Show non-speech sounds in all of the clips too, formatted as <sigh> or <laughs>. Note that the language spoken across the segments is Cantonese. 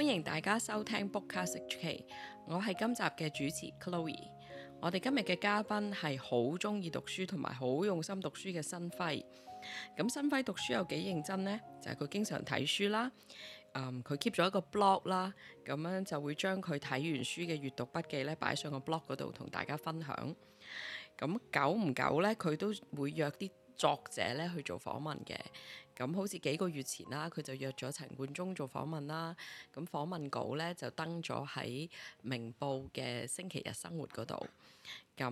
歡迎大家收聽 Bookcast HK，我係今集嘅主持 Chloe。我哋今日嘅嘉賓係好中意讀書同埋好用心讀書嘅 Sunfai。咁 Sunfai 讀書有幾認真呢？就係、是、佢經常睇書啦。佢 keep 咗一個 blog 啦，咁樣就會將佢睇完書嘅閱讀筆記咧擺上個 blog 嗰度同大家分享。咁久唔久咧，佢都會約啲作者咧去做訪問嘅。咁好似幾個月前啦、啊，佢就約咗陳冠中做訪問啦、啊。咁訪問稿咧就登咗喺《明報》嘅星期日生活嗰度。咁誒，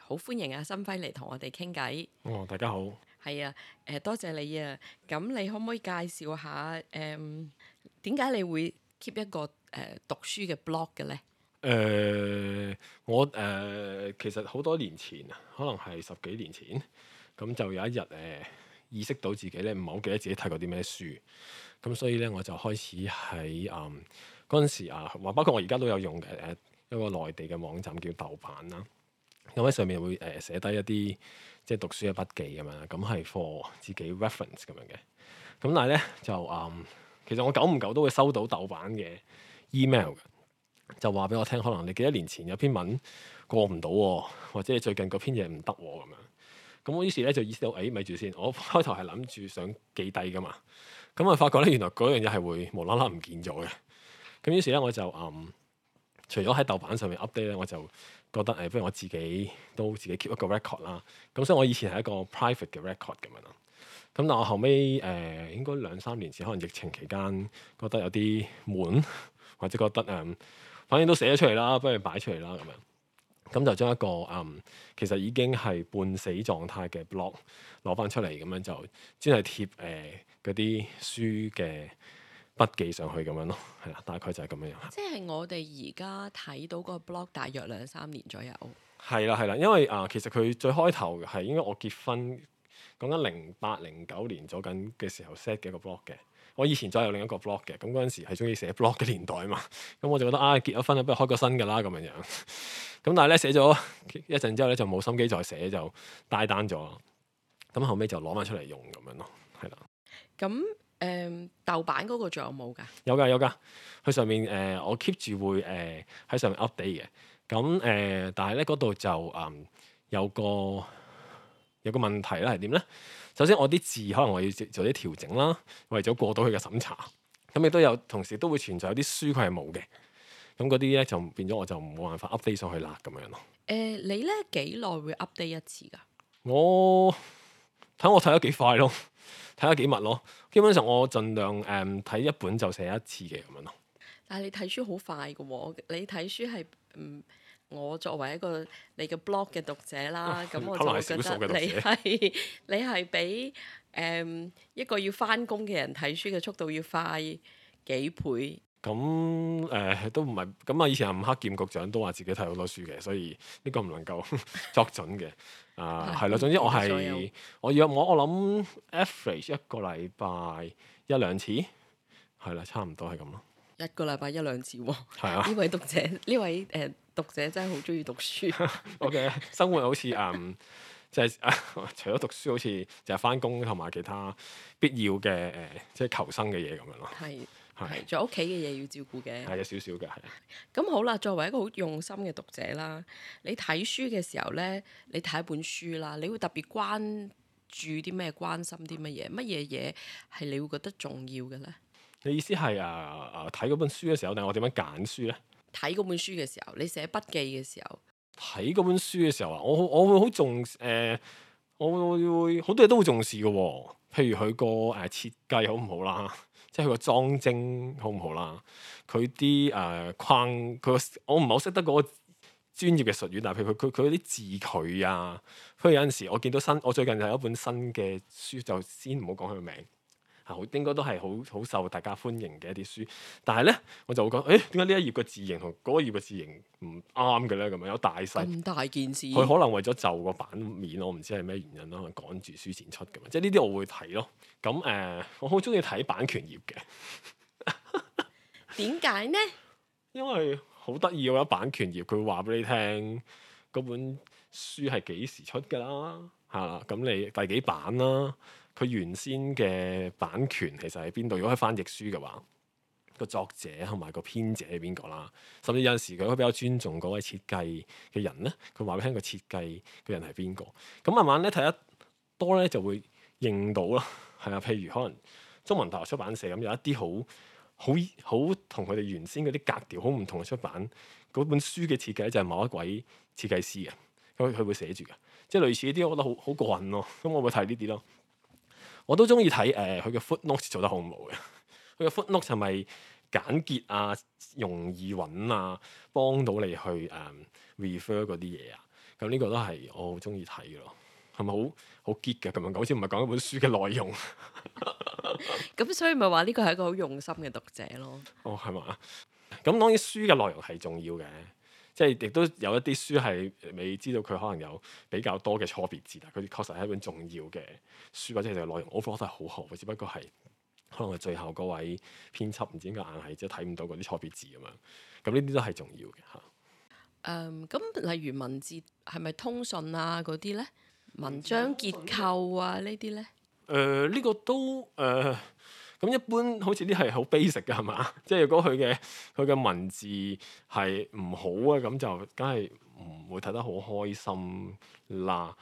好、呃、歡迎阿、啊、新輝嚟同我哋傾偈。哦，大家好。係啊，誒、呃、多謝你啊。咁你可唔可以介紹下誒點解你會 keep 一個誒、呃、讀書嘅 blog 嘅咧？誒、呃，我誒、呃、其實好多年前，可能係十幾年前，咁就有一日誒。呃意識到自己咧唔係好記得自己睇過啲咩書，咁所以咧我就開始喺嗯嗰陣時啊，話包括我而家都有用誒一個內地嘅網站叫豆瓣啦，咁、嗯、喺上面會誒寫低一啲即係讀書嘅筆記咁樣，咁係 for 自己 reference 咁樣嘅。咁但係咧就嗯其實我久唔久都會收到豆瓣嘅 email，就話俾我聽，可能你幾多年前有篇文過唔到、啊，或者你最近嗰篇嘢唔得咁樣。咁我於是咧就意識到，誒咪住先。我開頭係諗住想記低㗎嘛，咁我發覺咧原來嗰樣嘢係會無啦啦唔見咗嘅。咁於是咧我就誒、嗯，除咗喺豆瓣上面 update 咧，我就覺得誒、欸，不如我自己都自己 keep 一個 record 啦。咁、嗯、所以我以前係一個 private 嘅 record 咁樣啦。咁但我後尾，誒、呃，應該兩三年前可能疫情期間，覺得有啲悶，或者覺得誒、嗯，反正都寫咗出嚟啦，不如擺出嚟啦咁樣。咁就將一個，嗯、其實已經係半死狀態嘅 blog 攞翻出嚟，咁樣就先係貼誒、嗰啲書嘅筆記上去咁樣咯，係啦，大概就係咁樣樣。即係我哋而家睇到個 blog 大約兩三年左右。係啦係啦，因為啊、呃、其實佢最開頭係應該我結婚講緊零八零九年左右嘅時候 set 嘅一個 blog 嘅。我以前再有另一個 blog 嘅，咁嗰陣時係中意寫 blog 嘅年代啊嘛，咁我就覺得啊結咗婚喇不如開個新嘅啦咁樣樣，咁 <laughs> 但係咧寫咗一陣之後咧就冇心機再寫就帶單咗，咁後尾就攞翻出嚟用咁樣咯，係啦。咁誒、呃、豆瓣嗰個仲有冇噶？有噶有噶，佢上面誒、呃、我 keep 住會誒喺、呃、上面 update 嘅，咁、嗯、誒、呃、但係咧嗰度就誒、呃、有個有個問題啦係點咧？首先我啲字可能我要做啲調整啦，為咗過到佢嘅審查，咁亦都有同時都會存在有啲書佢係冇嘅，咁嗰啲咧就變咗我就冇辦法 update 上去啦咁樣咯。誒、呃，你咧幾耐會 update 一次㗎？我睇我睇得幾快咯，睇得幾密咯，基本上我盡量誒睇、嗯、一本就寫一次嘅咁樣咯。但係你睇書好快㗎喎，你睇書係唔？嗯我作為一個你嘅 blog 嘅讀者啦，咁、啊、我就覺得你係你係比誒一個要返工嘅人睇書嘅速度要快幾倍。咁誒、嗯呃、都唔係，咁、嗯、啊以前係吳克儉局長都話自己睇好多書嘅，所以呢個唔能夠呵呵作準嘅。 <laughs> 啊，係咯，總之我係有我約我我諗 average 一個禮拜一兩次，係啦，差唔多係咁咯。一個禮拜一兩次喎、喔，呢、啊、 <laughs> 位讀者呢位誒、呃、讀者真係好中意讀書。O K，生活好似誒， <laughs> um, 就係、是啊、除咗讀書，好似就係返工同埋其他必要嘅誒，即、呃、係、就是、求生嘅嘢咁樣咯。係係是，仲是有屋企嘅嘢要照顧嘅，係有少少噶。係咁好啦，作為一個好用心嘅讀者啦，你睇書嘅時候咧，你睇一本書啦，你會特別關注啲咩？關心啲乜嘢？乜嘢嘢係你會覺得重要嘅咧？你意思係啊，啊睇嗰本書嘅時候，定係我點樣揀書咧？睇嗰本書嘅時候，你寫筆記嘅時候，睇嗰本書嘅時候啊，我我會好重誒，我會、呃、我會好多嘢都好重視嘅、哦，譬如佢個誒設計好唔好啦，即係佢個裝幀好唔好啦，佢啲誒框佢個，我唔係好識得嗰個專業嘅術語，但係譬如佢佢佢啲字距啊，譬如有陣時我見到新，我最近有一本新嘅書，就先唔好講佢個名。好應該都係好好受大家歡迎嘅一啲書，但係咧我就會講，誒點解呢一頁嘅字形同嗰個頁嘅字形唔啱嘅咧？咁樣有大細咁大件事，佢可能為咗就個版面，我唔知係咩原因啦，趕住書展出嘅。即係呢啲我會睇咯。咁、嗯、誒、呃，我好中意睇版權頁嘅。點 <laughs> 解呢？因為好得意我有版權頁，佢會話俾你聽嗰本書係幾時出㗎啦？嚇、啊、咁你第幾版啦？佢原先嘅版權其實喺邊度？如果可以翻譯書嘅話，個作者同埋個編者係邊個啦？甚至有陣時佢都比較尊重嗰位設計嘅人咧，佢話俾你聽個設計嘅人係邊個？咁慢慢咧睇得多咧就會認到咯。係啊，譬如可能中文大學出版社咁有一啲好好好同佢哋原先嗰啲格調好唔同嘅出版嗰本書嘅設計就係某一位設計師啊。咁佢會寫住嘅，即係類似啲我覺得好好過癮咯。咁我會睇呢啲咯。我都中意睇誒佢、呃、嘅 footnotes 做得好唔好嘅，佢嘅 footnotes 係咪簡潔啊、容易揾啊、幫到你去誒、呃、refer 嗰啲嘢啊？咁呢個都係我是是好中意睇嘅咯，係咪好好 geek 嘅？咁樣講好似唔係講一本書嘅內容，咁 <laughs> <laughs> 所以咪話呢個係一個好用心嘅讀者咯。哦，係嘛？咁當然書嘅內容係重要嘅。即係亦都有一啲書係未知道佢可能有比較多嘅錯別字，但佢確實係一本重要嘅書，或者其實內容 overall 都係好好嘅，只不過係可能係最後嗰位編輯唔知點解硬係即係睇唔到嗰啲錯別字咁樣。咁呢啲都係重要嘅嚇。嗯，咁例如文字係咪通順啊嗰啲咧？呢文章結構啊章呢啲咧？誒呢、呃呢個都誒。呃咁一般好似啲係好 basic 㗎係嘛？即係如果佢嘅佢嘅文字係唔好呀，咁就梗係唔會睇得好開心啦。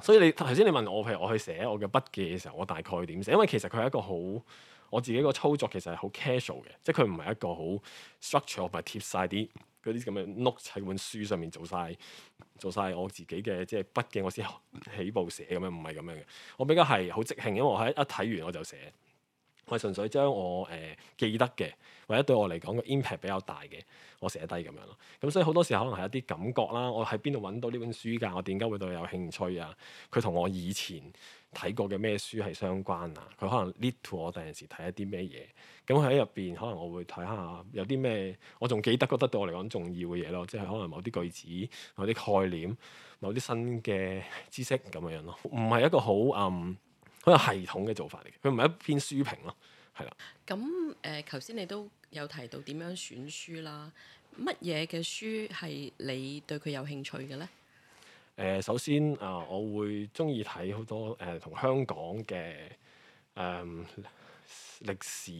所以你頭先你問我，譬如我去寫我嘅筆記嘅時候，我大概點寫？因為其實佢係一個好我自己個操作，其實係好 casual 嘅，即係佢唔係一個好 structure，唔係貼晒啲嗰啲咁嘅 note 喺本書上面做晒，做晒我自己嘅即係筆記，我先起步寫咁樣，唔係咁樣嘅。我比較係好即興，因為我係一睇完我就寫。我純粹將我誒、呃、記得嘅，或者對我嚟講個 impact 比較大嘅，我寫低咁樣咯。咁所以好多時候可能係一啲感覺啦。我喺邊度揾到呢本書㗎？我點解會對佢有興趣啊？佢同我以前睇過嘅咩書係相關啊？佢可能 lead to 我第陣時睇一啲咩嘢。咁佢喺入邊可能我會睇下有啲咩我仲記得覺得對我嚟講重要嘅嘢咯。即係可能某啲句子、某啲概念、某啲新嘅知識咁樣樣咯。唔係一個好嗯。Um, 好有系統嘅做法嚟嘅，佢唔係一篇書評咯，係啦。咁誒，頭、呃、先你都有提到點樣選書啦，乜嘢嘅書係你對佢有興趣嘅咧？誒、呃，首先啊、呃，我會中意睇好多誒，同、呃、香港嘅誒、呃、歷史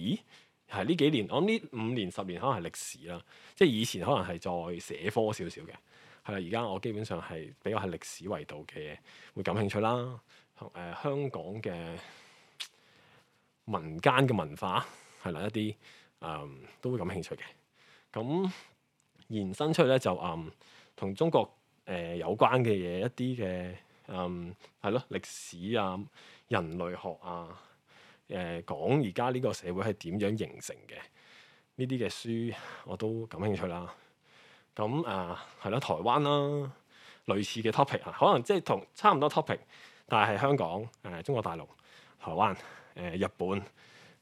係呢幾年，我諗呢五年十年可能係歷史啦，即係以前可能係再社科少少嘅，係啦。而家我基本上係比較係歷史為度嘅，會感興趣啦。誒、呃、香港嘅民間嘅文化係啦，一啲嗯都會感興趣嘅。咁延伸出去咧，就嗯同中國誒、呃、有關嘅嘢，一啲嘅嗯係咯歷史啊、人類學啊，誒講而家呢個社會係點樣形成嘅呢啲嘅書我都感興趣啦。咁啊係咯，台灣啦、啊，類似嘅 topic 啊，可能即係同差唔多 topic。但係，香港誒、呃、中國大陸、台灣誒、呃、日本誒、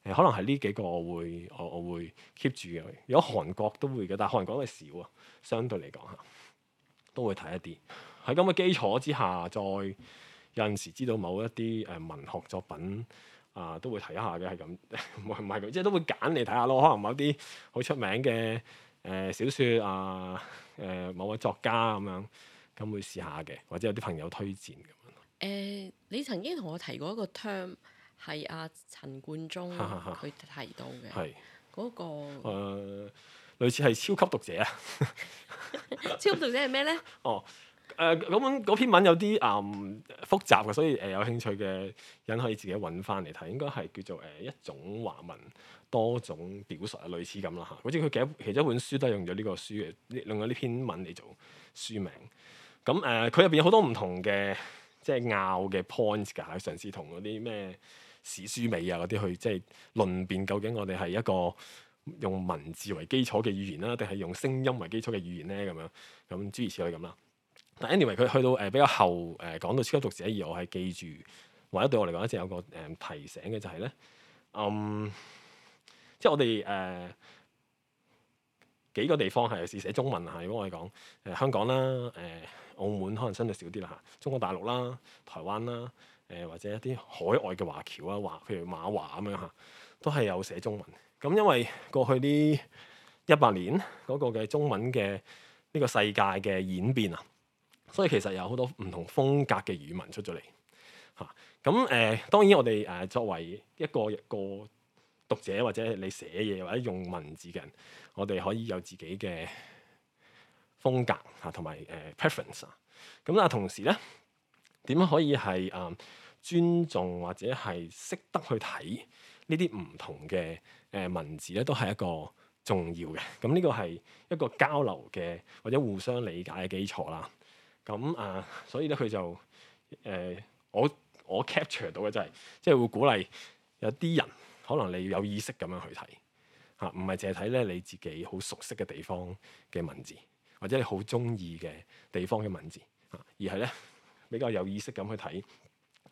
呃，可能係呢幾個我會我我會 keep 住嘅。如果韓國都會嘅，但係韓國嘅少啊，相對嚟講嚇都會睇一啲，喺咁嘅基礎之下，再有陣時知道某一啲誒、呃、文學作品啊、呃，都會睇一下嘅，係咁，唔係，唔係，即係都會揀你睇下咯。可能某啲好出名嘅誒、呃、小説啊、誒、呃、某位作家咁樣咁會試下嘅，或者有啲朋友推薦。誒、呃，你曾經同我提過一個 term，係阿、啊、陳冠中佢提到嘅嗰、那個，誒、呃、類似係超級讀者。 <laughs> 超級讀者係咩咧？哦，誒咁樣嗰篇文有啲誒、嗯、複雜嘅，所以誒、呃、有興趣嘅人可以自己揾翻嚟睇。應該係叫做誒、呃、一種華文，多種表述啊，類似咁啦嚇。好似佢其其中一本書都係用咗呢個書嘅，用咗呢篇文嚟做書名。咁、嗯、誒，佢入邊有好多唔同嘅。即係拗嘅 point 㗎，嘗試同嗰啲咩史書美啊嗰啲去即係論辯，究竟我哋係一個用文字為基礎嘅語言啦、啊，定係用聲音為基礎嘅語言咧？咁樣咁諸如此類咁啦。但 anyway，佢去到誒、呃、比較後誒、呃、講到超級讀寫，而我係記住或者對我嚟講，一直有個誒、呃、提醒嘅就係、是、咧，嗯，即係我哋誒、呃、幾個地方係有時寫中文嚇。如果我哋講誒、呃、香港啦，誒、呃。澳門可能真係少啲啦嚇，中國大陸啦、台灣啦，誒、呃、或者一啲海外嘅華僑啊，華譬如馬華咁樣嚇，都係有寫中文。咁因為過去呢一百年嗰、嗰個嘅中文嘅呢個世界嘅演變啊，所以其實有好多唔同風格嘅語文出咗嚟嚇。咁、啊、誒、嗯呃、當然我哋誒作為一個一個讀者或者你寫嘢或者用文字嘅人，我哋可以有自己嘅風格啊，同埋誒 preference 啊，咁、呃、啊，同時咧點樣可以係啊尊重或者係識得去睇呢啲唔同嘅誒、呃、文字咧，都係一個重要嘅。咁呢個係一個交流嘅或者互相理解嘅基礎啦。咁啊，所以咧佢就誒、呃、我我 capture 到嘅就係即係會鼓勵有啲人可能你要有意識咁樣去睇嚇，唔係淨係睇咧你自己好熟悉嘅地方嘅文字。或者你好中意嘅地方嘅文字啊，而係咧比較有意識咁去睇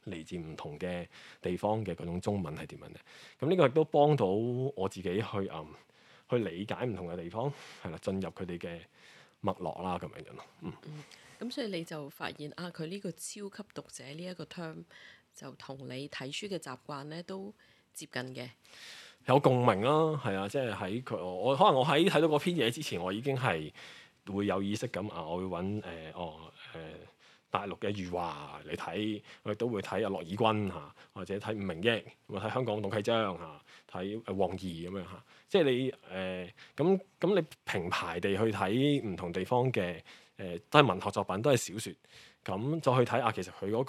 嚟自唔同嘅地方嘅嗰種中文係點樣嘅。咁呢個亦都幫到我自己去、嗯、去理解唔同嘅地方係啦，進入佢哋嘅脈絡啦，咁樣樣咯。嗯，咁、嗯、所以你就發現啊，佢呢個超級讀者呢一個 term 就同你睇書嘅習慣咧都接近嘅，有共鳴咯，係啊，即係喺佢我可能我喺睇到嗰篇嘢之前，我已經係，會有意識咁啊，我會揾誒、呃，哦誒、呃，大陸嘅余華嚟睇，我亦都會睇阿駱以軍嚇，或者睇吳明益，我、啊、睇香港董啟章嚇，睇、啊啊、王爾咁樣嚇。即係你誒咁咁，呃、你平排地去睇唔同地方嘅誒、呃，都係文學作品，都係小説。咁、啊、再去睇下、啊、其實佢嗰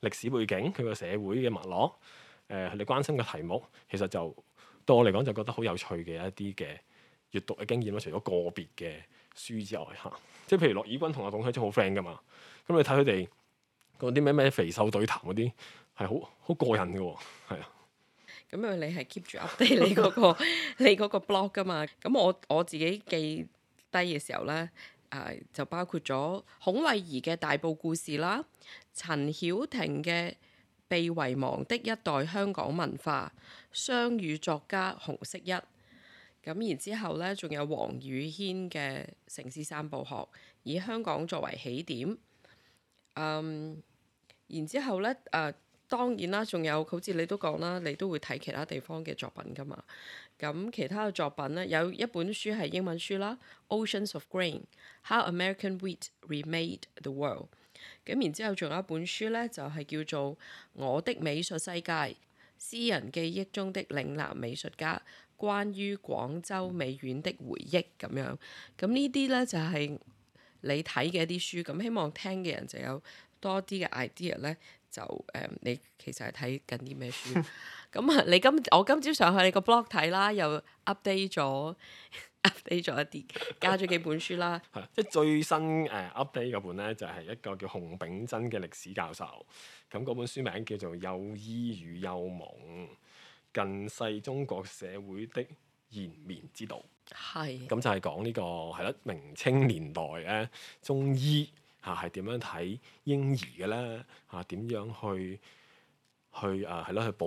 個歷史背景，佢個社會嘅脈絡，誒、呃、你關心嘅題目，其實就對我嚟講就覺得好有趣嘅一啲嘅。閱讀嘅經驗啦，除咗個別嘅書之外，嚇、嗯，即係譬如駱以軍同阿董啟章好 friend 噶嘛，咁你睇佢哋講啲咩咩肥瘦對談嗰啲係好好過癮嘅喎，係啊。咁 <laughs> 因為你係 keep 住 update 你嗰、那個你嗰 blog 噶嘛，咁我我自己記低嘅時候咧，誒、呃、就包括咗孔慧怡嘅《大報故事》啦，陳曉婷嘅《被遺忘的一代香港文化》，雙語作家紅色一。咁然之後咧，仲有黃宇軒嘅《城市散步學》，以香港作為起點。嗯，然之後咧，誒、呃、當然啦，仲有好似你都講啦，你都會睇其他地方嘅作品噶嘛。咁其他嘅作品咧，有一本書係英文書啦，《Oceans of Grain: How American Wheat Remade the World》。咁然之後仲有一本書咧，就係、是、叫做《我的美術世界：私人記憶中的嶺南美術家》。關於廣州美院的回憶咁樣，咁呢啲呢，就係你睇嘅一啲書，咁希望聽嘅人就有多啲嘅 idea 呢。就誒、嗯、你其實係睇緊啲咩書？咁啊，你今我今朝上去你個 blog 睇啦，又 update 咗 update 咗一啲，加咗幾本書啦。即係 <laughs> <laughs> 最新誒 update 嗰本呢，就係一個叫洪炳珍嘅歷史教授，咁嗰本書名叫做《幼醫與幼夢》。近世中國社會的延綿之道，係咁的就係講呢個係啦，明清年代咧中醫吓係點樣睇嬰兒嘅咧吓，點樣去去誒係咯去保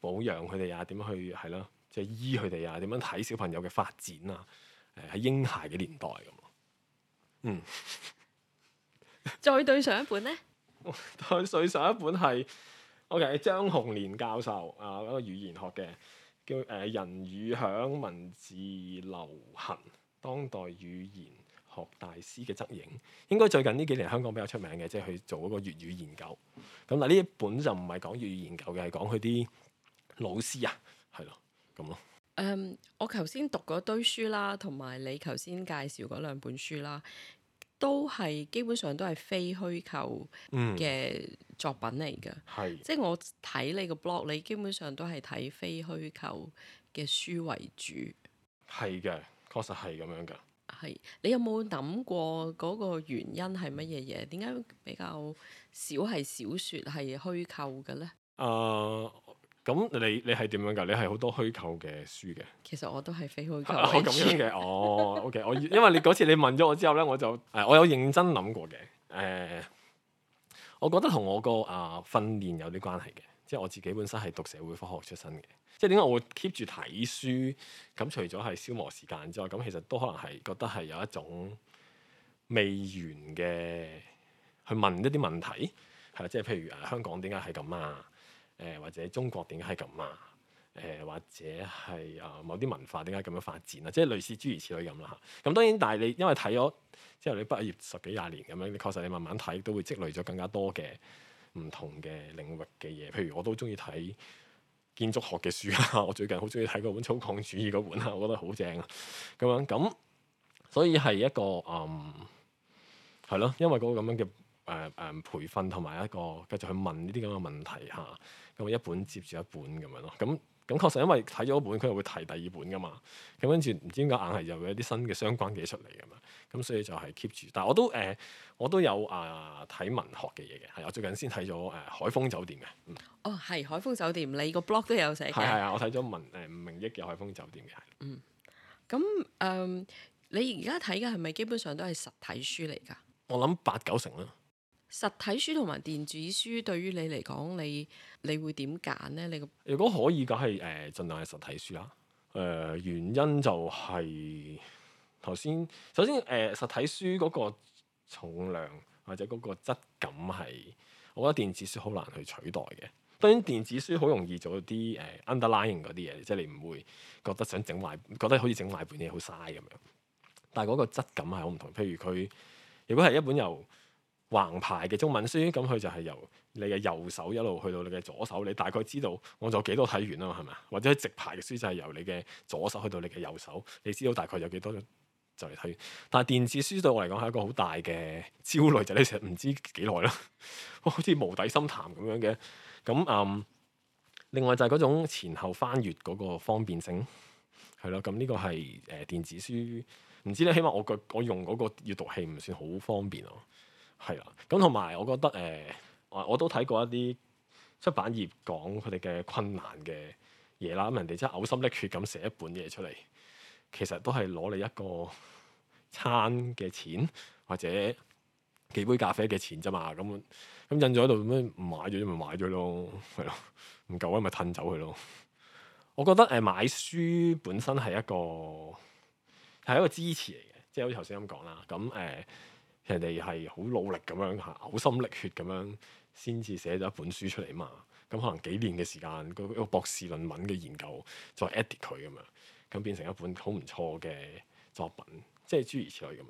保養佢哋啊，點樣去係咯即係醫佢哋啊，點樣睇小朋友嘅發展啊？誒喺嬰孩嘅年代咁，嗯， <laughs> 再對上一本咧，再對 <laughs> 上一本係。O.K. 張洪年教授啊、呃，一個語言學嘅叫誒、呃、人語響文字流行，當代語言學大師嘅側影，應該最近呢幾年香港比較出名嘅，即係去做嗰個粵語研究。咁嗱，呢一本就唔係講粵語研究嘅，係講佢啲老師啊，係咯，咁咯。誒，um, 我頭先讀嗰堆書啦，同埋你頭先介紹嗰兩本書啦。都係基本上都係非虛構嘅作品嚟嘅，嗯、即係我睇你個 blog，你基本上都係睇非虛構嘅書為主。係嘅，確實係咁樣嘅。係，你有冇諗過嗰個原因係乜嘢嘢？點解比較少係小説係虛構嘅咧？啊、uh！咁你你係點樣噶？你係好多虛構嘅書嘅？其實我都係非虛構 <laughs> 我，係咁樣嘅。哦，OK，我因為你嗰 <laughs> 次你問咗我之後咧，我就我有認真諗過嘅。誒、呃，我覺得同我個啊訓練有啲關係嘅，即係我自己本身係讀社會科學出身嘅。即係點解我會 keep 住睇書？咁除咗係消磨時間之外，咁其實都可能係覺得係有一種未完嘅去問一啲問題，係啦，即係譬如誒香港點解係咁啊？誒或者中國點解係咁啊？誒或者係啊某啲文化點解咁樣發展啊？即係類似諸如此類咁啦，咁當然，但係你因為睇咗之後，你畢業十幾廿年咁樣，你確實你慢慢睇都會積累咗更加多嘅唔同嘅領域嘅嘢。譬如我都中意睇建築學嘅書啦， <laughs> 我最近好中意睇嗰本粗獷主義嗰本啊，我覺得好正啊。咁樣咁，所以係一個嗯係咯，因為嗰個咁樣嘅誒誒培訓同埋一個繼續去問呢啲咁嘅問題嚇。咁一本接住一本咁樣咯，咁咁確實因為睇咗一本，佢會提第二本噶嘛，咁跟住唔知點解硬係有一啲新嘅相關嘅嘢出嚟噶嘛，咁所以就係 keep 住。但係我都誒、呃，我都有啊睇、呃、文學嘅嘢嘅，係我最近先睇咗誒海風酒店嘅，嗯、哦，係海風酒店，你個 blog 都有寫嘅，係啊，我睇咗文誒、呃、吳明益嘅海風酒店嘅，嗯，咁誒、呃，你而家睇嘅係咪基本上都係實體書嚟噶？我諗八九成啦。實體書同埋電子書對於你嚟講，你你會點揀咧？你如果可以，梗係誒盡量係實體書啦。誒、呃、原因就係頭先，首先誒、呃、實體書嗰個重量或者嗰個質感係,我覺得電子書好難去取代嘅。當然電子書好容易做到啲誒、呃、underlining 嗰啲嘢，即係你唔會覺得想整壞，覺得好似整壞本嘢好嘥咁樣。但係嗰個質感係好唔同，譬如佢如果係一本由。橫排嘅中文書，咁佢就係由你嘅右手一路去到你嘅左手，你大概知道我仲有幾多睇完啦，係咪啊？或者直排嘅書，就係由你嘅左手去到你嘅右手，你知道大概有幾多就嚟睇完。但係電子書對我嚟講係一個好大嘅焦慮，就係、你成日唔知幾耐啦， <laughs> 好似無底深潭咁樣嘅。咁嗯，另外就係嗰種前後翻閱嗰個方便性係咯。咁呢個係誒、呃、電子書，唔知咧。起碼我個我用嗰個閱讀器唔算好方便咯。係啦，咁同埋我覺得誒、呃，我我都睇過一啲出版業講佢哋嘅困難嘅嘢啦，咁人哋真係嘔心瀝血咁寫一本嘢出嚟，其實都係攞你一個餐嘅錢或者幾杯咖啡嘅錢啫嘛，咁咁印咗喺度，咁唔買咗咪買咗咯，係咯，唔夠咧咪褪走佢咯。我覺得誒、呃、買書本身係一個係一個支持嚟嘅，即係好似頭先咁講啦，咁、嗯、誒。呃人哋係好努力咁樣，嘔心瀝血咁樣先至寫咗一本書出嚟嘛。咁可能幾年嘅時間，個博士論文嘅研究再 edit 佢咁樣，咁變成一本好唔錯嘅作品，即係諸如此類咁。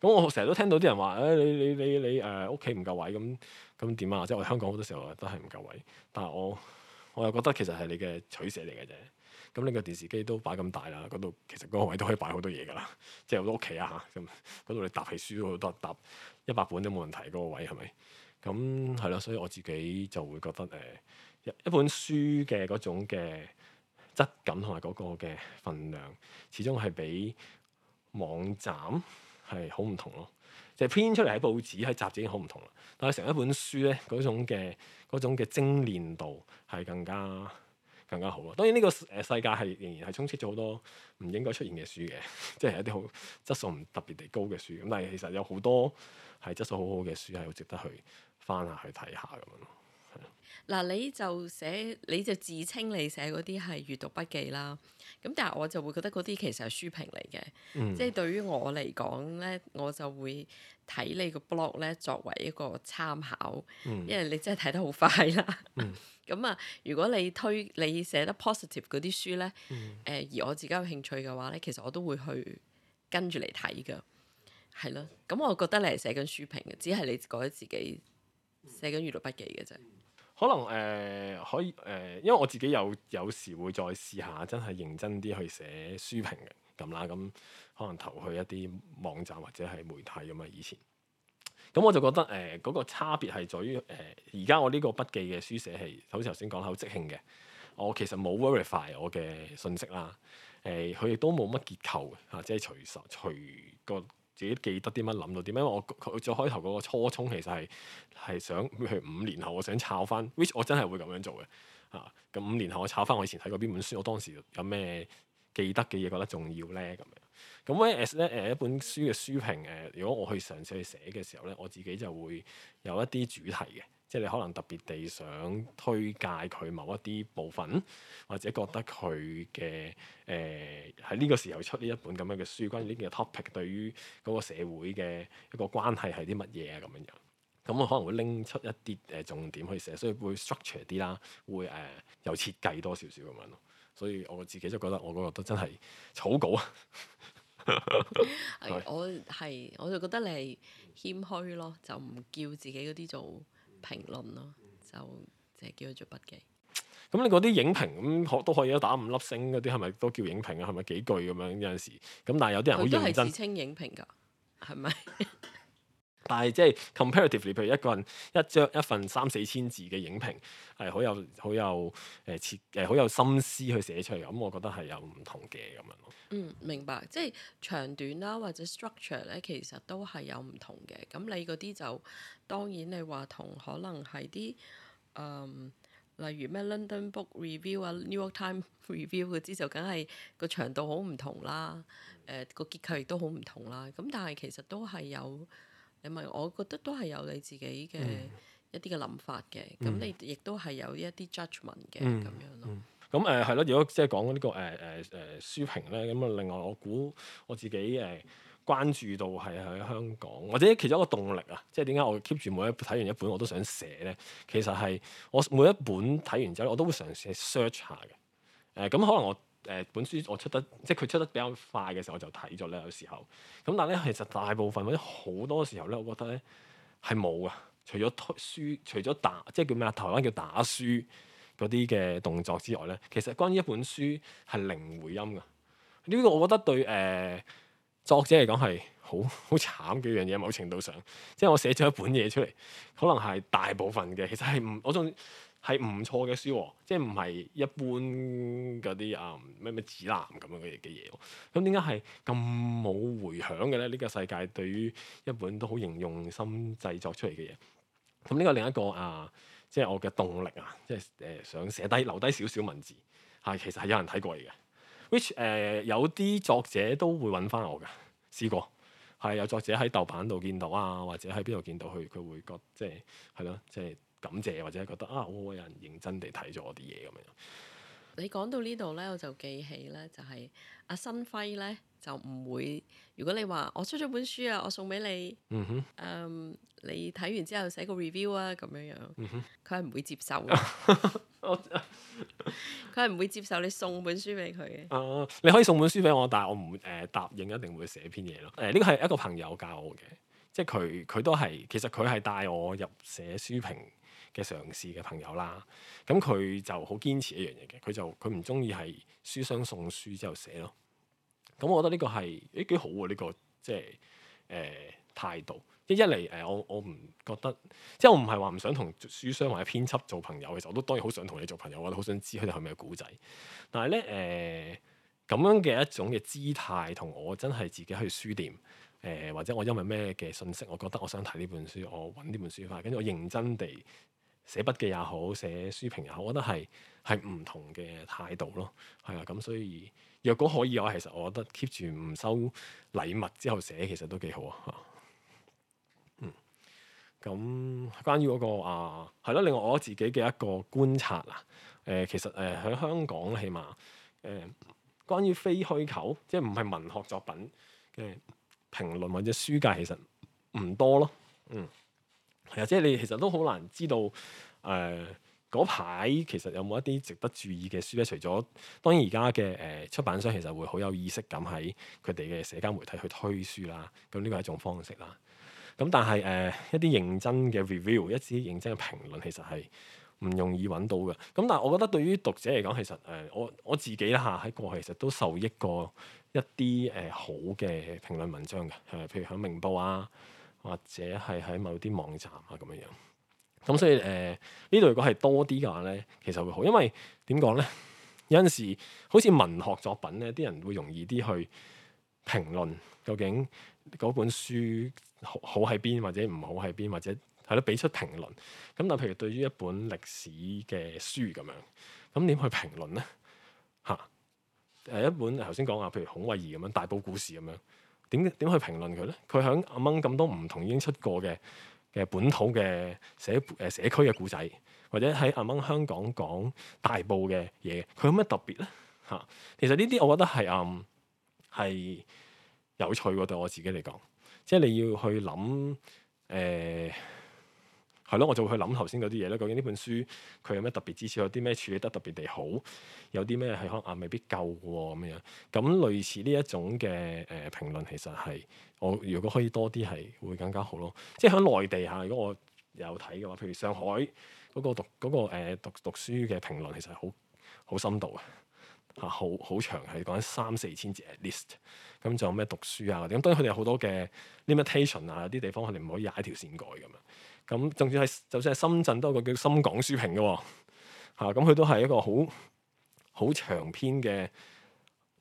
咁我成日都聽到啲人話：，誒、哎、你你你你誒屋企唔夠位咁咁點啊？即係我哋香港好多時候都係唔夠位，但係我我又覺得其實係你嘅取捨嚟嘅啫。咁你個電視機都擺咁大啦，嗰度其實嗰個位都可以擺好多嘢㗎啦，即係好多屋企啊嚇，咁嗰度你搭起書都好多，搭一百本都冇問題，嗰、嗰個位係咪？咁係咯，所以我自己就會覺得誒，一、呃、一本書嘅嗰種嘅質感同埋嗰個嘅分量，始終係比網站係好唔同咯。就編、係、出嚟喺報紙、喺雜誌已經好唔同啦，但係成一本書咧，嗰種嘅嗰種嘅精煉度係更加。更加好咯。當然呢個誒世界係仍然係充斥咗好多唔應該出現嘅書嘅，即係一啲好質素唔特別地高嘅書。咁但係其實有好多係質素好好嘅書係好值得去翻下去睇下咁樣。嗱，你就寫你就自稱你寫嗰啲係閱讀筆記啦。咁但係我就會覺得嗰啲其實係書評嚟嘅，嗯、即係對於我嚟講咧，我就會睇你個 blog 咧作為一個參考，嗯、因為你真係睇得好快啦。咁啊、嗯， <laughs> 嗯、如果你推你寫得 positive 嗰啲書咧，誒、嗯呃、而我自己有興趣嘅話咧，其實我都會去跟住嚟睇噶。係咯，咁我覺得你係寫緊書評嘅，只係你覺得自己寫緊閱讀筆記嘅啫。可能誒、呃、可以誒、呃，因為我自己有有時會再試下，真係認真啲去寫書評嘅咁啦。咁可能投去一啲網站或者係媒體咁啊。以前咁、嗯、我就覺得誒嗰、呃嗰個差別係在於誒，而家我呢個筆記嘅書寫係好似頭先講口，即興嘅，我其實冇 verify 我嘅信息啦。誒佢亦都冇乜結構嚇、啊，即係隨手隨個，自己記得啲乜，諗到啲乜，因為我佢最開頭嗰個初衷其實係係想，譬如五年後我想炒翻，which 我真係會咁樣做嘅。啊，咁五年後我炒翻我以前睇過邊本書，我當時有咩記得嘅嘢覺得重要咧咁樣。咁 as 咧誒一本書嘅書評誒、呃，如果我去嘗試去寫嘅時候咧，我自己就會有一啲主題嘅。即係你可能特別地想推介佢某一啲部分，或者覺得佢嘅誒喺呢個時候出呢一本咁樣嘅書，關於呢個 topic 對於嗰個社會嘅一個關係係啲乜嘢啊咁樣樣，咁我可能會拎出一啲誒、呃、重點去寫，所以會 structure 啲啦，會誒有設計多少少咁樣咯。所以我自己就覺得我嗰個都真係草稿啊、 <laughs> 哎。我我就覺得你係謙虛咯，就唔叫自己嗰啲做評論咯，就淨係叫佢做筆記。咁、嗯、你嗰啲影評咁可、嗯、都可以啊，打五粒星嗰啲係咪都叫影評啊？係咪幾句咁樣有陣時？咁但係有啲人好認真，佢都自稱影評㗎，係咪？ <laughs> 但係即係 comparatively，譬如一個人一張一份三四千字嘅影評，係好有好有誒設誒好、呃、有心思去寫出嚟，咁、嗯、我覺得係有唔同嘅咁樣咯。嗯，明白，即係長短啦、啊，或者 structure 咧，其實都係有唔同嘅。咁你嗰啲就當然你話同可能係啲誒，例如咩 London Book Review 啊、New York Time Review 嗰啲就梗係個長度好唔同啦，誒、呃、個結構亦都好唔同啦。咁但係其實都係有。你咪，我覺得都係有你自己嘅一啲嘅諗法嘅，咁、嗯、你亦都係有一啲 judgment 嘅咁樣咯。咁誒係咯，如果即係講呢個誒誒誒書評咧，咁啊另外我估我自己誒、呃、關注到係喺香港，或者其中一個動力啊，即係點解我 keep 住每一睇完一本我都想寫咧？其實係我每一本睇完之後，我都會嘗試 search 下嘅。誒、呃、咁、嗯、可能我。誒本書我出得即係佢出得比較快嘅時候，我就睇咗咧。有時候咁，但係咧，其實大部分或者好多時候咧，我覺得咧係冇嘅。除咗推書，除咗打，即係叫咩啊？台灣叫打書嗰啲嘅動作之外咧，其實關於一本書係零回音嘅。呢、呢個我覺得對誒、呃、作者嚟講係好好慘嘅一樣嘢。某程度上，即係我寫咗一本嘢出嚟，可能係大部分嘅，其實係唔我仲。係唔錯嘅書、哦，即係唔係一般嗰啲啊咩咩指南咁樣嘅嘢、哦。咁點解係咁冇迴響嘅咧？呢、這個世界對於一本都好認用心製作出嚟嘅嘢，咁呢個另一個啊，即、就、係、是、我嘅動力啊，即係誒想寫低留低少少文字，係其實係有人睇過嚟嘅。which 誒、呃、有啲作者都會揾翻我嘅，試過係有作者喺豆瓣度見到啊，或者喺邊度見到佢佢會覺得即係係咯，即係。感謝或者覺得啊，我有人認真地睇咗我啲嘢咁樣。你講到呢度咧，我就記起咧，就係、是、阿新輝咧就唔會。如果你話我出咗本書啊，我送俾你，嗯哼，嗯，你睇完之後寫個 review 啊，咁樣樣，佢係唔會接受。我佢係唔會接受你送本書俾佢嘅。啊，你可以送本書俾我，但係我唔會誒、呃、答應一定會寫篇嘢咯。誒、呃，呢個係一個朋友教我嘅，即係佢佢都係其實佢係帶我入寫書評。嘅嘗試嘅朋友啦，咁佢就好堅持一樣嘢嘅，佢就佢唔中意係書商送書之後寫咯。咁我覺得呢個係誒幾好喎，呢、這個即係誒、呃、態度。一嚟誒、呃，我我唔覺得，即係我唔係話唔想同書商或者編輯做朋友嘅時候，我都當然好想同你做朋友，我都好想知佢哋係咪古仔。但係咧誒咁樣嘅一種嘅姿態，同我真係自己去書店誒、呃，或者我因為咩嘅信息，我覺得我想睇呢本書，我揾呢本書翻，跟住我認真地。寫筆記也好，寫書評也好，我覺得係係唔同嘅態度咯，係啊，咁所以若果可以嘅話，我其實我覺得 keep 住唔收禮物之後寫，其實都幾好啊。嗯，咁關於嗰、那個啊，係咯，另外我自己嘅一個觀察啊，誒、呃，其實誒喺、呃、香港起碼誒、呃，關於非虛構，即係唔係文學作品嘅評論或者書界，其實唔多咯，嗯。係啊，即係你其實都好難知道誒嗰排其實有冇一啲值得注意嘅書咧？除咗當然而家嘅誒出版商其實會好有意識咁喺佢哋嘅社交媒體去推書啦，咁、嗯、呢、這個係一種方式啦。咁、嗯、但係誒、呃、一啲認真嘅 review，一啲認真嘅評論其實係唔容易揾到嘅。咁、嗯、但係我覺得對於讀者嚟講，其實誒、呃、我我自己啦嚇喺過去其實都受益過一啲誒、呃、好嘅評論文章嘅，誒、呃、譬如響明報啊。或者係喺某啲網站啊咁樣樣，咁所以誒呢度如果係多啲嘅話咧，其實會好，因為點講咧？有陣時好似文學作品咧，啲人會容易啲去評論究竟嗰本書好好喺邊，或者唔好喺邊，或者係咯俾出評論。咁但係譬如對於一本歷史嘅書咁樣，咁點去評論咧？嚇、啊、誒一本頭先講啊，譬如孔偉儀咁樣大埔故事咁樣。點點去評論佢咧？佢喺阿掹咁多唔同已經出過嘅嘅本土嘅社誒社區嘅故仔，或者喺阿掹香港講大埔嘅嘢，佢有咩特別咧？嚇！其實呢啲我覺得係嗯係有趣喎，對我自己嚟講，即係你要去諗誒。呃係咯，我就會去諗頭先嗰啲嘢咧。究竟呢本書佢有咩特別之處，有啲咩處理得特別地好，有啲咩係可能啊未必夠咁樣。咁類似呢一種嘅誒、呃、評論，其實係我如果可以多啲係會更加好咯。即係喺內地嚇，如果我有睇嘅話，譬如上海嗰、嗰個讀嗰、嗰個誒讀、嗰個呃、讀、讀書嘅評論，其實係好好深度嘅嚇，好、啊、好長係講三四千字嘅 list 咁仲有咩讀書啊咁，當然佢哋好多嘅 limitation 啊，有啲地方佢哋唔可以挨條線改咁樣。咁，仲要係，就算係深圳都有個叫深、哦啊個啊《深港書評》嘅喎，咁佢都係一個好好長篇嘅。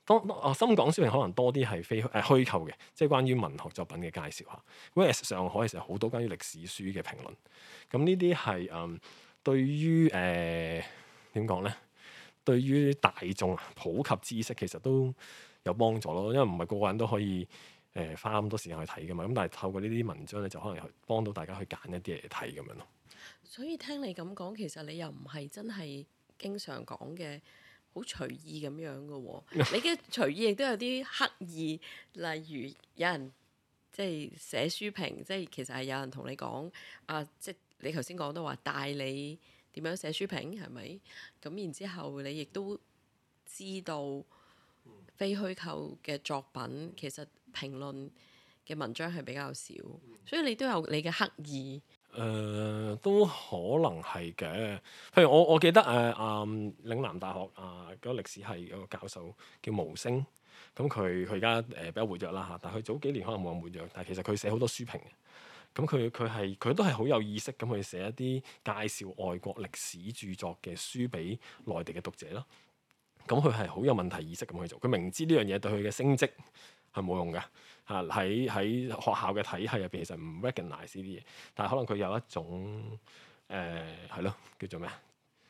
當啊，《深港書評》可能多啲係非誒、呃、虛構嘅，即係關於文學作品嘅介紹下，咁上海嘅時候好多關於歷史書嘅評論，咁呢啲係誒對於誒點講咧？對於、呃、大眾普及知識其實都有幫助咯，因為唔係個個人都可以。誒花咁多時間去睇㗎嘛，咁但係透過呢啲文章咧，就可能幫到大家去揀一啲嚟睇咁樣咯。所以聽你咁講，其實你又唔係真係經常講嘅，好隨意咁樣嘅喎、喔。 <laughs> 你嘅隨意亦都有啲刻意，例如有人即係、就是、寫書評，即、就、係、是、其實係有人同你講啊，即、就、係、是、你頭先講到話帶你點樣寫書評係咪？咁然之後你亦都知道非虛構嘅作品其實。評論嘅文章係比較少，所以你都有你嘅刻意。誒、呃，都可能係嘅。譬如我，我記得誒，嶺、呃呃、南大學啊，呃那個歷史系有個教授叫毛星，咁佢佢而家誒比較活躍啦嚇。但係佢早幾年可能冇咁活躍，但係其實佢寫好多書評嘅。咁佢佢係佢都係好有意識咁去寫一啲介紹外國歷史著作嘅書俾內地嘅讀者咯。咁佢係好有問題意識咁去做，佢明知呢樣嘢對佢嘅升職。係冇用嘅，嚇，喺喺學校嘅體系入邊其實唔 recognize 呢啲嘢，但係可能佢有一種誒係咯叫做咩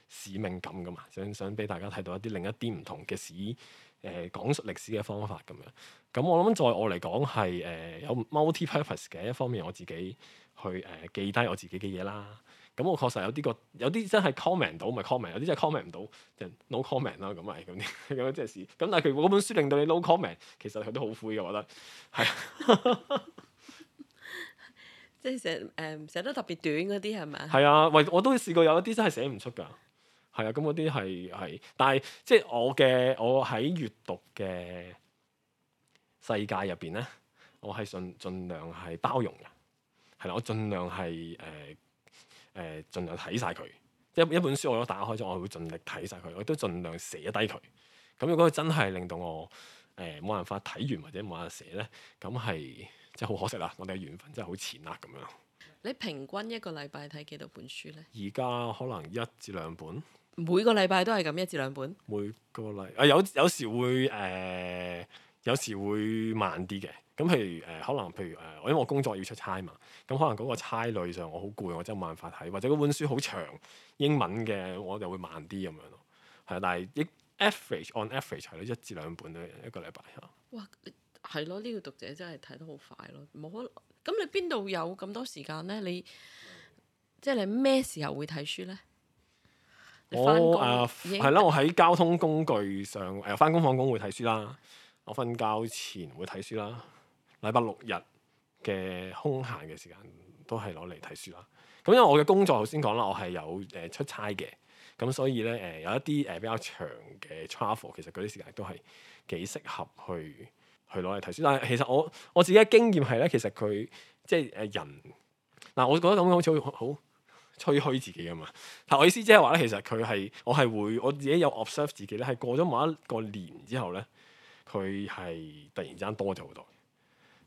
使命感㗎嘛，想想俾大家睇到一啲另一啲唔同嘅史誒、呃、講述歷史嘅方法咁樣。咁我諗在我嚟講係誒、呃、有 multi-purpose 嘅，一方面我自己去誒、呃、記低我自己嘅嘢啦。咁我確實有啲個，有啲真係 comment 到咪 comment，有啲真係 comment 唔到，就係、no comment 啦。咁咪咁咁樣即係試。咁但係佢嗰本書令到你 no comment，其實佢都好灰嘅，我覺得係。啊、 <laughs> <laughs> 即係寫誒、呃、寫得特別短嗰啲係咪？係啊，喂，我都試過有一啲真係寫唔出㗎。係啊，咁嗰啲係係，但係即係我嘅我喺閱讀嘅世界入邊咧，我係盡盡量係包容嘅，係啦、啊，我盡量係誒。呃誒、呃，盡量睇晒佢。一一本書我都打開咗，我會盡力睇晒佢。我都盡量寫低佢。咁如果佢真係令到我誒冇、呃、辦法睇完或者冇辦法寫咧，咁係真係好可惜啦。我哋嘅緣分真係好淺啦咁樣。你平均一個禮拜睇幾多本書咧？而家可能一至兩本。每個禮拜都係咁一至兩本？每個禮啊、呃、有有時會誒、呃，有時會慢啲嘅。咁譬如誒、呃，可能譬如誒，我、呃、因為我工作要出差嘛，咁可能嗰個差旅上我好攰，我真係冇辦法睇，或者本書好長，英文嘅我就會慢啲咁樣咯。係啊，但係 average on average 係一至兩本啦，一個禮拜吓。哇，係咯，呢個讀者真係睇得好快咯，冇可能。咁你邊度有咁多時間咧？你即係你咩時候會睇書咧、呃，你返工？我啊，係啦，我喺交通工具上誒，返工放工會睇書啦，我瞓覺前會睇書啦。禮拜六日嘅空閒嘅時間，都係攞嚟睇書啦。咁因為我嘅工作頭先講啦，我係有誒出差嘅，咁所以咧誒有一啲誒比較長嘅 travel，其實嗰啲時間都係幾適合去去攞嚟睇書。但係其實我我自己嘅經驗係咧，其實佢即係誒人嗱，我覺得咁樣好似好吹噓自己啊嘛。但我意思即係話咧，其實佢係我係會我自己有 observe 自己咧，係過咗某一個年之後咧，佢係突然之間多咗好多。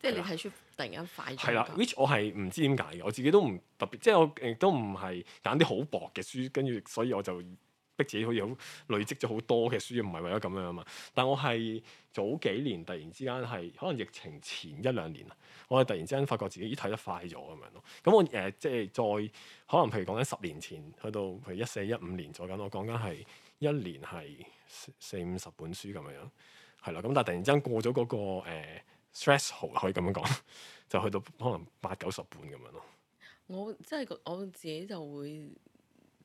即係你睇書突然間快咗。係啦的、那個，which 我係唔知點解嘅，我自己都唔特別，即係我亦都唔係揀啲好薄嘅書，跟住所以我就逼自己好似好累積咗好多嘅書，唔係為咗咁樣啊嘛。但我係早幾年突然之間係可能疫情前一兩年啊，我係突然之間發覺自己睇得快咗咁樣咯。咁我誒、呃、即係再可能譬如講緊十年前去到譬如一四一五年左右，我講緊係一年係四五十本書咁樣樣，係啦。咁但係突然之間過咗嗰個、那個、呃 stress 好可以咁樣講， <laughs> 就去到可能八九十本咁樣咯。我即係、就是、我自己就會，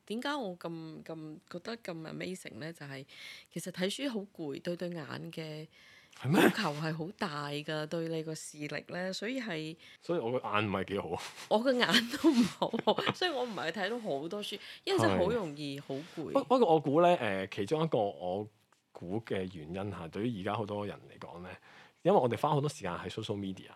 點解我咁咁覺得咁 amazing 咧？就係、是、其實睇書好攰，對對，對眼嘅要求係好大噶，嗎對你個視力咧，所以係。所以我個眼唔係幾好。我個眼都唔好， <laughs> 所以我唔係睇到好多書，因為真係好容易好攰。的累不不過我估咧，誒、呃，其中一個我估嘅原因吓，對於而家好多人嚟講咧。因為我哋花好多時間喺 social media，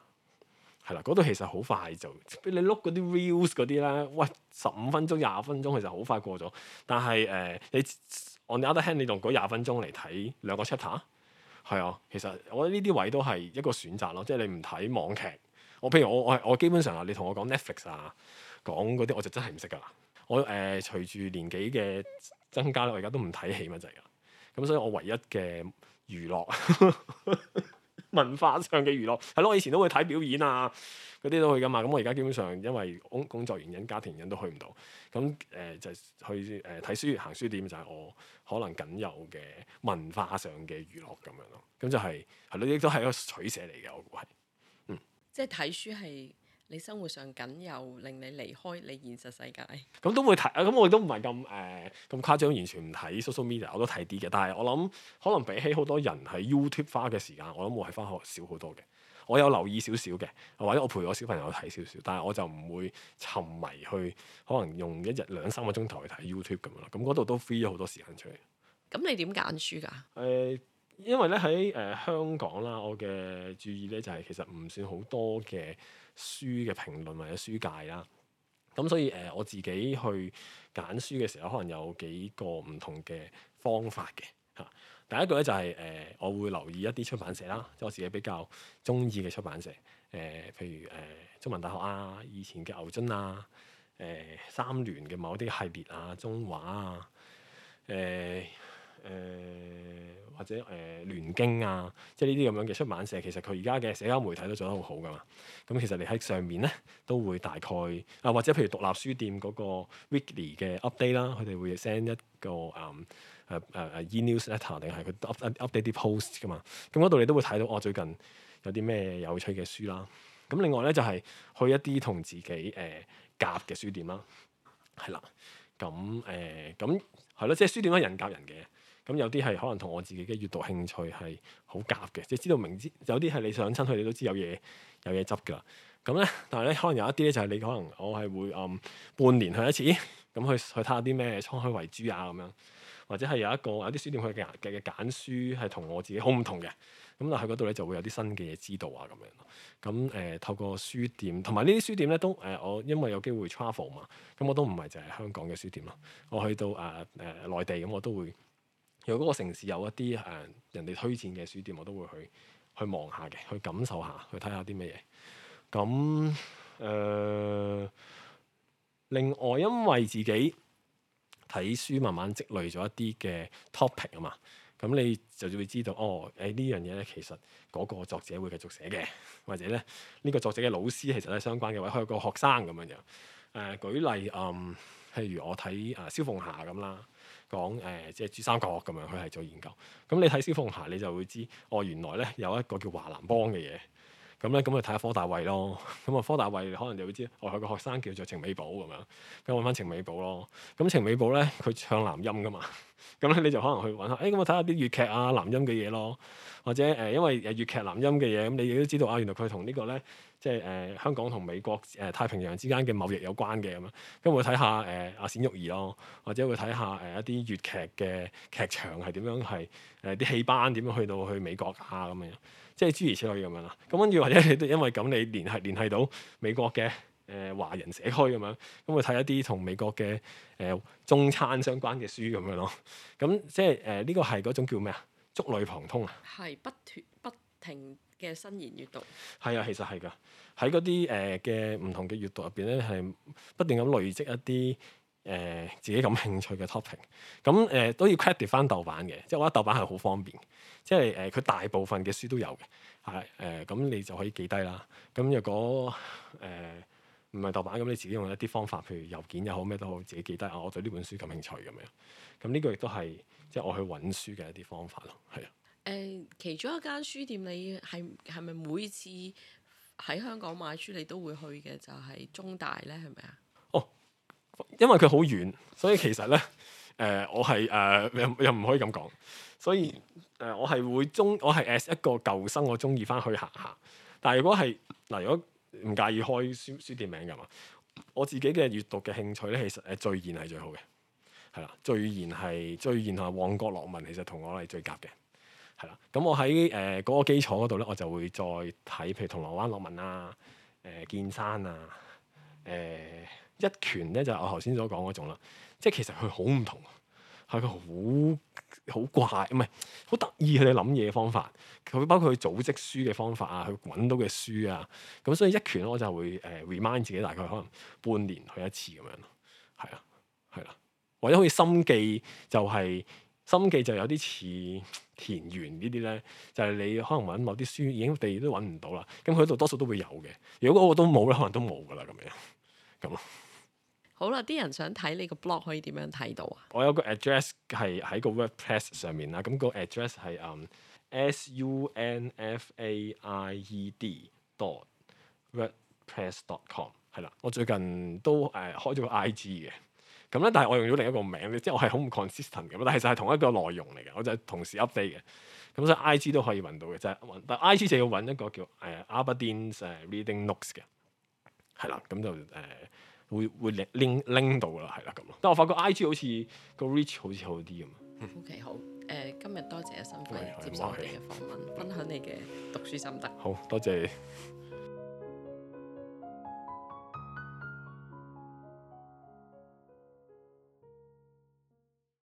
係啦，嗰度其實好快就俾你碌嗰啲 reels 嗰啲咧，喂十五分鐘、廿分鐘，其實好快過咗。但係誒、呃，你 on the other hand，你用嗰廿分鐘嚟睇兩個 chapter 係啊。其實我覺得呢啲位都係一個選擇咯，即係你唔睇網劇。我譬如我我我基本上啊，你同我講 Netflix 啊，講嗰啲我就真係唔識噶啦。我誒隨住年紀嘅增加咧，我而家都唔睇戲咪就係啦。咁所以我唯一嘅娛樂。 <laughs> 文化上嘅娛樂係咯，我以前都會睇表演啊，嗰啲都去噶嘛。咁我而家基本上因為工工作原因、家庭原因都去唔到。咁誒、呃、就去誒睇、呃、書、行書店就係、是、我可能僅有嘅文化上嘅娛樂咁樣咯。咁就係係咯，亦都係一個取捨嚟嘅，我估係。嗯，即係睇書係。你生活上僅有令你離開你現實世界，咁都會睇，咁我都唔係咁誒咁誇張，完全唔睇 social media，我都睇啲嘅。但係我諗，可能比起好多人喺 YouTube 花嘅時間，我諗我係花開少好多嘅。我有留意少少嘅，或者我陪我小朋友睇少少，但係我就唔會沉迷去，可能用一日兩三個鐘頭去睇 YouTube 咁樣啦。咁嗰度都 free 咗好多時間出嚟。咁你點揀書㗎？誒、呃，因為咧喺誒香港啦，我嘅注意咧就係、是、其實唔算好多嘅。書嘅評論或者書界啦，咁所以誒、呃、我自己去揀書嘅時候，可能有幾個唔同嘅方法嘅嚇、啊。第一個咧就係、是、誒、呃，我會留意一啲出版社啦，即、呃、係我自己比較中意嘅出版社誒，譬、呃、如誒、呃、中文大學啊，以前嘅牛津啊，誒、呃、三聯嘅某啲系列啊，中華啊，誒、呃。誒、呃、或者誒、呃、聯經啊，即係呢啲咁樣嘅出版社，其實佢而家嘅社交媒體都做得好好噶嘛。咁其實你喺上面咧，都會大概啊、呃，或者譬如獨立書店嗰個 Weekly 嘅 update 啦，佢哋會 send 一個誒誒、嗯、誒、啊啊、E-newsletter 定係佢 up update 啲 post 噶嘛。咁嗰度你都會睇到我、哦、最近有啲咩有趣嘅書啦。咁另外咧就係、是、去一啲同自己誒、呃、夾嘅書店啦，係啦。咁誒咁係咯，即、呃、係、就是、書店都係人夾人嘅。咁、嗯、有啲係可能同我自己嘅閱讀興趣係好夾嘅，即、就、係、是、知道明知有啲係你想親佢，你都知有嘢有嘢執㗎。咁咧，但係咧可能有一啲咧就係你可能我係會誒、呃、半年去一次，咁去去睇下啲咩滄海遺珠啊咁樣，或者係有一個有啲書店佢嘅嘅嘅揀書係同我自己好唔同嘅，咁但係去嗰度咧就會有啲新嘅嘢知道啊咁樣。咁誒、呃、透過書店，同埋呢啲書店咧都誒、呃、我因為有機會 travel 嘛，咁我都唔係淨係香港嘅書店咯，我去到誒誒內地咁我都會。呃呃呃呃呃呃如果嗰個城市有一啲誒、呃、人哋推薦嘅書店，我都會去去望下嘅，去感受下，去睇下啲乜嘢。咁誒、呃，另外因為自己睇書慢慢積累咗一啲嘅 topic 啊嘛，咁你就會知道哦，誒、呃這個、呢樣嘢咧其實嗰個作者會繼續寫嘅，或者咧呢、這個作者嘅老師其實係相關嘅，或者佢有個學生咁樣樣。誒、呃，舉例誒，譬、呃、如我睇啊蕭鳳霞咁啦。講誒、呃、即係珠三角咁樣，佢係做研究。咁你睇蕭鳳霞你就會知，哦，原來咧有一個叫華南幫嘅嘢。咁咧咁啊睇下科大偉咯。咁、嗯、啊科大偉可能就會知，哦，佢個學生叫做程美寶咁樣，咁揾翻程美寶咯。咁、嗯、程美寶咧佢唱南音噶嘛。咁咧你就可能去揾下，誒、哎、咁我睇下啲粵劇啊南音嘅嘢咯。或者誒、呃、因為誒粵劇南音嘅嘢，咁你亦都知道啊，原來佢同呢個咧。即係誒、呃、香港同美國誒、呃、太平洋之間嘅貿易有關嘅咁樣，咁我睇下誒阿冼玉儀咯，或者會睇下誒一啲粵劇嘅劇場係點樣係誒啲戲班點樣去到去美國啊咁樣，即係、就是、諸如此類咁樣啦。咁跟住或者你都因為咁你聯繫聯繫到美國嘅誒、呃、華人社區咁樣，咁我睇一啲同美國嘅誒中餐相關嘅書咁樣咯。咁即係誒呢個係嗰種叫咩啊？觸類旁通啊！係不斷不停。嘅新言閱讀係啊，其實係噶喺嗰啲誒嘅唔同嘅閱讀入邊咧，係不斷咁累積一啲誒、呃、自己感興趣嘅 topic，咁誒都要 credit 翻豆瓣嘅，即、就、係、是、我覺得豆瓣係好方便，即係誒佢大部分嘅書都有嘅，係誒咁你就可以記低啦。咁若果誒唔係豆瓣咁，你自己用一啲方法，譬如郵件又好咩都好，自己記低哦、啊，我對呢本書感興趣咁樣。咁呢個亦都係即係我去揾書嘅一啲方法咯，係啊。誒，其中一間書店，你係係咪每次喺香港買書，你都會去嘅？就係、是、中大咧，係咪啊？哦，因為佢好遠，所以其實咧，誒、呃，我係誒、呃、又唔可以咁講，所以誒、呃，我係會中，我係 as 一個舊生，我中意翻去行下。但係如果係嗱、呃，如果唔介意開書書店名㗎嘛，我自己嘅閱讀嘅興趣咧，其實誒最然係最好嘅，係啦，最然係最然係旺角樂文，其實同我係最夾嘅。係啦，咁我喺誒嗰個基礎嗰度咧，我就會再睇，譬如銅鑼灣樂文啊、誒、呃、見山啊、誒、呃、一拳咧就是、我頭先所講嗰種啦，即係其實佢好唔同，係佢好好怪，唔係好得意佢哋諗嘢嘅方法，佢包括佢組織書嘅方法啊，佢揾到嘅書啊，咁所以一拳我就會誒、呃、remind 自己大概可能半年去一次咁樣，係啊，係啦，或者好似心記就係、是。心記就有啲似田園呢啲咧，就係、是、你可能揾某啲書已經地都揾唔到啦。咁佢度多數都會有嘅。如果嗰個都冇咧，可能都冇噶啦咁樣。咁好啦，啲人想睇你個 blog 可以點樣睇到啊？我有個 address 係喺個 WordPress 上面啦。咁個 address 係嗯 sunfaied dot wordpress dot com 係啦。我最近都誒、呃、開咗個 IG 嘅。咁咧，但係我用咗另一個名，即係我係好唔 consistent 嘅，但係就係同一個內容嚟嘅，我就同時 update 嘅。咁、嗯、所以 IG 都可以揾到嘅啫，但係 IG 就要揾一個叫誒、uh, Aberdeen 誒 Reading Notes 嘅，係啦，咁就誒、uh, 會會拎拎到啦，係啦咁。但我發覺 IG 好似個 reach 好似好啲咁、嗯、O.K. 好，誒、呃、今日多謝 Sunfai、嗯、接受我哋嘅訪問，嗯、分享你嘅讀書心得。好多謝。